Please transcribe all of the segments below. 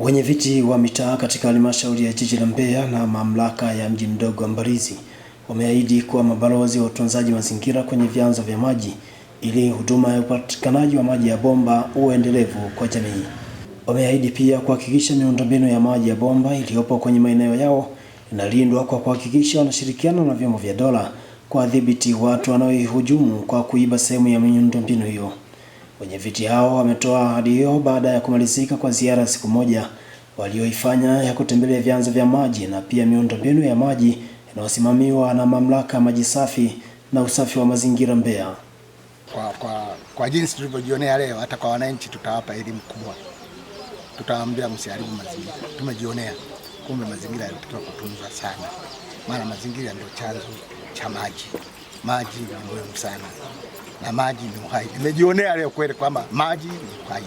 wenye viti wa mitaa katika halmashauri ya jiji la Mbeya na mamlaka ya mji mdogo wa Mbalizi wameahidi kuwa mabalozi wa utunzaji mazingira kwenye vyanzo vya maji ili huduma ya upatikanaji wa maji ya bomba uwe endelevu kwa jamii. Wameahidi pia kuhakikisha miundombinu ya maji ya bomba iliyopo kwenye maeneo yao inalindwa kwa kuhakikisha wanashirikiana na vyombo vya dola kuwadhibiti watu wanaoihujumu kwa kuiba sehemu ya miundombinu hiyo viti hao wametoa ahadi hiyo baada ya kumalizika kwa ziara siku moja walioifanya ya kutembelea vyanzo vya maji na pia miundombinu ya maji inayosimamiwa na Mamlaka ya Maji Safi na Usafi wa Mazingira Mbeya. Kwa, kwa, kwa jinsi tulivyojionea leo, hata kwa wananchi tutawapa elimu kubwa, tutawaambia msiharibu mazingira. Tumejionea kumbe mazingira yanatakiwa kutunzwa sana, maana mazingira ndio chanzo cha maji. Maji ni muhimu sana na maji ni uhai. Nimejionea leo kweli kwamba maji ni uhai.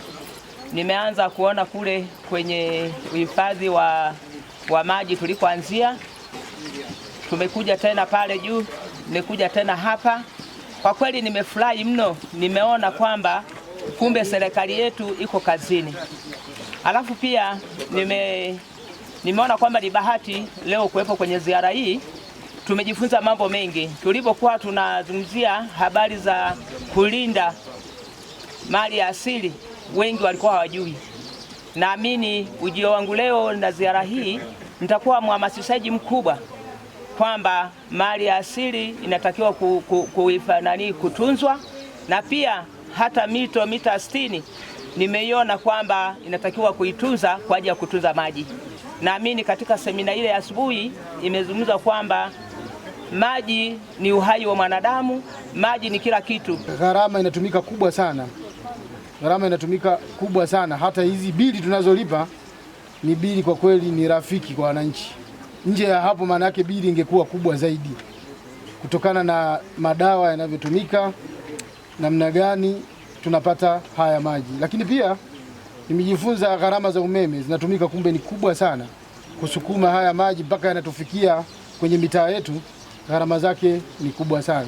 Nimeanza kuona kule kwenye uhifadhi wa, wa maji tulikoanzia, tumekuja tena pale juu, nimekuja tena hapa. Kwa kweli nimefurahi mno, nimeona kwamba kumbe serikali yetu iko kazini. Alafu pia nime, nimeona kwamba ni bahati leo kuwepo kwenye ziara hii tumejifunza mambo mengi tulipokuwa tunazungumzia habari za kulinda mali ya asili, wengi walikuwa hawajui. Naamini ujio wangu leo na ziara hii nitakuwa mhamasishaji mkubwa kwamba mali ya asili inatakiwa ku, ku, kutunzwa na pia hata mito mita 60 nimeiona kwamba inatakiwa kuitunza kwa ajili ya kutunza maji. Naamini katika semina ile ya asubuhi imezungumza kwamba maji ni uhai wa mwanadamu, maji ni kila kitu. Gharama inatumika kubwa sana, gharama inatumika kubwa sana. Hata hizi bili tunazolipa ni bili kwa kweli ni rafiki kwa wananchi. Nje ya hapo, maana yake bili ingekuwa kubwa zaidi kutokana na madawa yanavyotumika, namna gani tunapata haya maji. Lakini pia nimejifunza gharama za umeme zinatumika, kumbe ni kubwa sana kusukuma haya maji mpaka yanatufikia kwenye mitaa yetu gharama zake ni kubwa sana.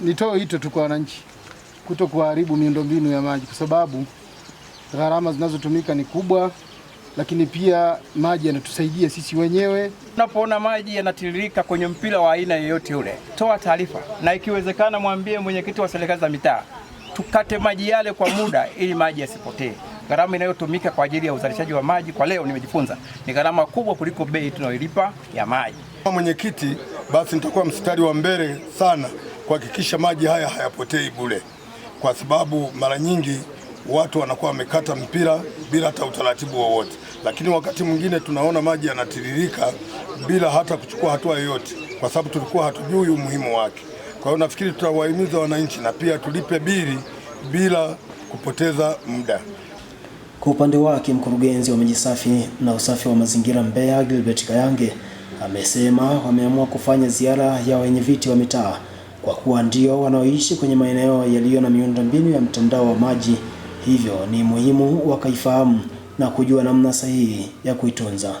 Nitoe hito tu kwa wananchi kuto kuharibu miundombinu ya maji, kwa sababu gharama zinazotumika ni kubwa, lakini pia maji yanatusaidia sisi wenyewe. Unapoona maji yanatiririka kwenye mpira wa aina yoyote ule, toa taarifa, na ikiwezekana mwambie mwenyekiti wa serikali za mitaa tukate maji yale kwa muda ili maji yasipotee. Gharama inayotumika kwa ajili ya uzalishaji wa maji kwa leo, nimejifunza ni gharama kubwa kuliko bei tunayolipa ya maji. Mwenyekiti basi nitakuwa mstari wa mbele sana kuhakikisha maji haya hayapotei bure, kwa sababu mara nyingi watu wanakuwa wamekata mpira bila hata utaratibu wowote lakini wakati mwingine tunaona maji yanatiririka bila hata kuchukua hatua yoyote, kwa sababu tulikuwa hatujui umuhimu wake. Kwa hiyo nafikiri tutawahimiza wananchi na pia tulipe bili bila kupoteza muda. Kwa upande wake mkurugenzi wa maji safi na usafi wa mazingira Mbeya, Gilbert Kayange amesema wameamua kufanya ziara ya wenye viti wa mitaa kwa kuwa ndio wanaoishi kwenye maeneo yaliyo na miundombinu ya mtandao wa maji, hivyo ni muhimu wakaifahamu na kujua namna sahihi ya kuitunza.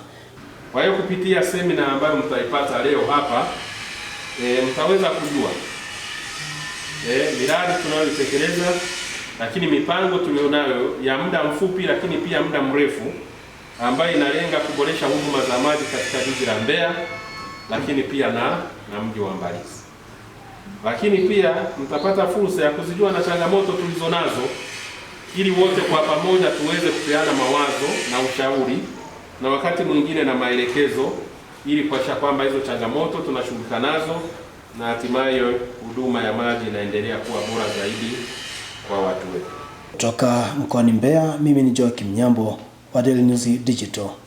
Kwa hiyo kupitia semina ambayo mtaipata leo hapa e, mtaweza kujua e, miradi tunayoitekeleza, lakini mipango tulionayo ya muda mfupi, lakini pia muda mrefu ambayo inalenga kuboresha huduma za maji katika jiji la Mbeya, lakini pia na na mji wa Mbalizi. Lakini pia mtapata fursa ya kuzijua na changamoto tulizo nazo, ili wote kwa pamoja tuweze kupeana mawazo na ushauri na wakati mwingine na maelekezo, ili kuhakikisha kwamba hizo changamoto tunashughulika nazo na hatimaye huduma ya maji inaendelea kuwa bora zaidi kwa watu wetu. Kutoka mkoani Mbeya, mimi ni Joakim Nyambo wa Daily News Digital.